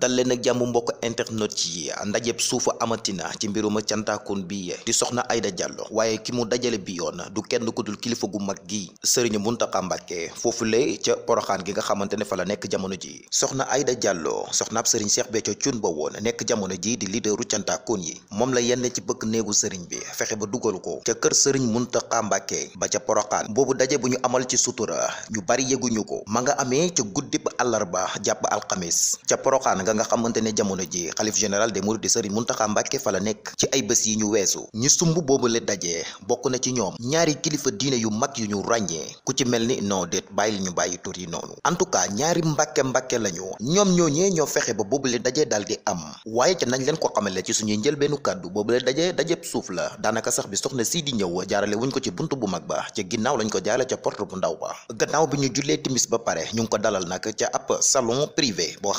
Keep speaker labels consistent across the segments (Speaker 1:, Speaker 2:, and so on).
Speaker 1: dal leen ak jàmm mbokk internet yi ndajeb suufa na ci mbiruma cantaakon bi di soxna Aida jàlloo waaye ki mu dajale bi yoon du kenn ku dul kilifa gu mag gi sëriñ Muntaxa Mbàkke foofu le ca poroxaan gi nga xamante ne fa la nekk jamono ji soxna Aida Diallo soxnaab sëriñ Cheikh ca Thioune ba woon nekk jamono ji di leaderu cantaakon yi moom la yenn ci bëgg néegu sëriñ bi fexe ba dugal ko ca kër sëriñ Muntaxa Mbàkke ba ca poroxaan boobu daje bu ñu amal ci sutura ñu bari yëguñu ko ma nga amee ca guddib àllarba jàpp alxamis ca poroxaan ga nga xamante ne jamono ji xalif général des mourides Serigne Mountakha Mbacké fa la nekk ci ay bés yi ñu weesu ñu sumb boobu le dajee bokk na ci ñoom ñaari kilifa yu mag yu ñu ku ci mel ni non déet bàyyil ñu bàyyi yi noonu en tout cas ñaari mbàkke mbàkke lañu ñoom ñooñee ñoo fexe ba boobu le dajee daal di am waaye ca nañ leen ko xamale ci suñuy njëlbeenu kàddu boobu le dajee dajeb suuf la daanaka sax bi soxna sii di ñëw jaarale wuñ ko ci buntu bu mag ba ca ginnaaw lañ ko jaarale ca porte bu ndaw ba gannaaw bi ñu jullee timis ba pare ñu ngi ko dalal nag ca ab salon privé boo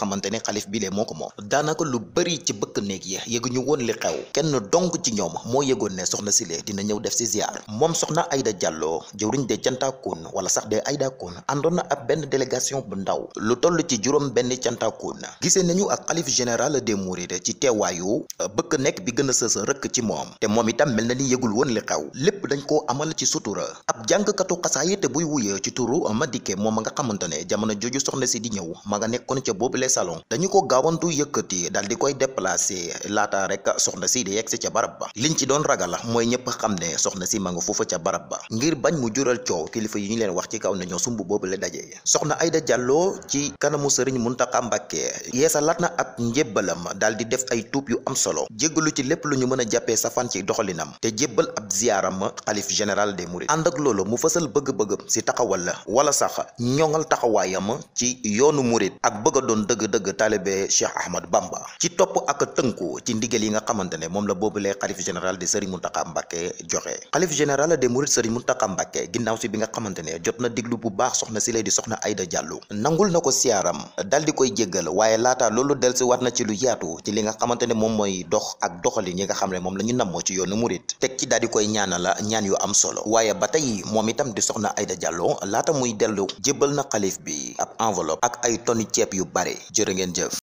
Speaker 1: bile moo ko moom daanaka lu bari ci bëkk néeg yi yëguñu woon li xew kenn dong ci ñoom moo yëgoon ne soxna si lee dina ñëw def si ziar moom soxna Aida Diallo jëwriñ de cantakoon wala sax de Aida Koon àndoon na ab benn délégation bu ndaw lu toll ci juróom benn cantakoon gisee nañu ak xalif général des mourides ci teewaayu euh, bëkk nekk bi gën a sës rëkk ci moom te moom itam mel na ni yëgul woon li xew lépp dañ ko amal ci sutura ab jàngkatu xasaay te buy wuye ci turu Madické moom nga xamante ne jamono jooju soxna si di ñëw ma nekkoon ca boobu gaawantu yëkkati dal di koy déplacé laata rek soxna sii di yegsi ca barab ba liñ ci doon ragal mooy ñëpp xam ne soxna si ma nga foofa ca barab ba ngir bañ mu jural coow kilifa yi ñu leen wax ci kaw ne ñoo sumb boobu la daje soxna Aida Diallo ci kanamu sëriñ Muntaxa Mbàkke yeesalaat na ab njébbalam dal di def ay tuub yu am solo jéggalu ci lépp lu ñu mën a jàppee safaan ci doxalinam te jébbal ab ziyaaram xalif général des mourides ànd ak loolu mu fësal bëgg-bëggam si taxawal la wala sax ñoŋal taxawaayam ci yoonu murid jàppale Cheikh Ahmad Bamba ci topp ak tënku ci ndigal yi nga xamante moom la boobulee xalif général de Serigne Mountakha Mbacké joxe xalif général de Mouride Serigne Mountakha Mbacké ginnaaw si bi nga xamante jot na diglu bu baax soxna si lay di soxna Aïda Diallo nangul na ko siyaaram dal di koy jéggal waaye laata loolu del si war na ci lu yaatu ci li nga xamante ne moom mooy dox ak doxalin yi nga xam ne moom la ñu nammoo ci yoonu Mouride teg ci daal di koy ñaanal la ñaan yu am solo waaye ba tey moom itam di soxna Aïda Diallo laata muy dellu jébbal na xalif bi ab enveloppe ak ay tonni ceeb yu bare jërë ngeen jëf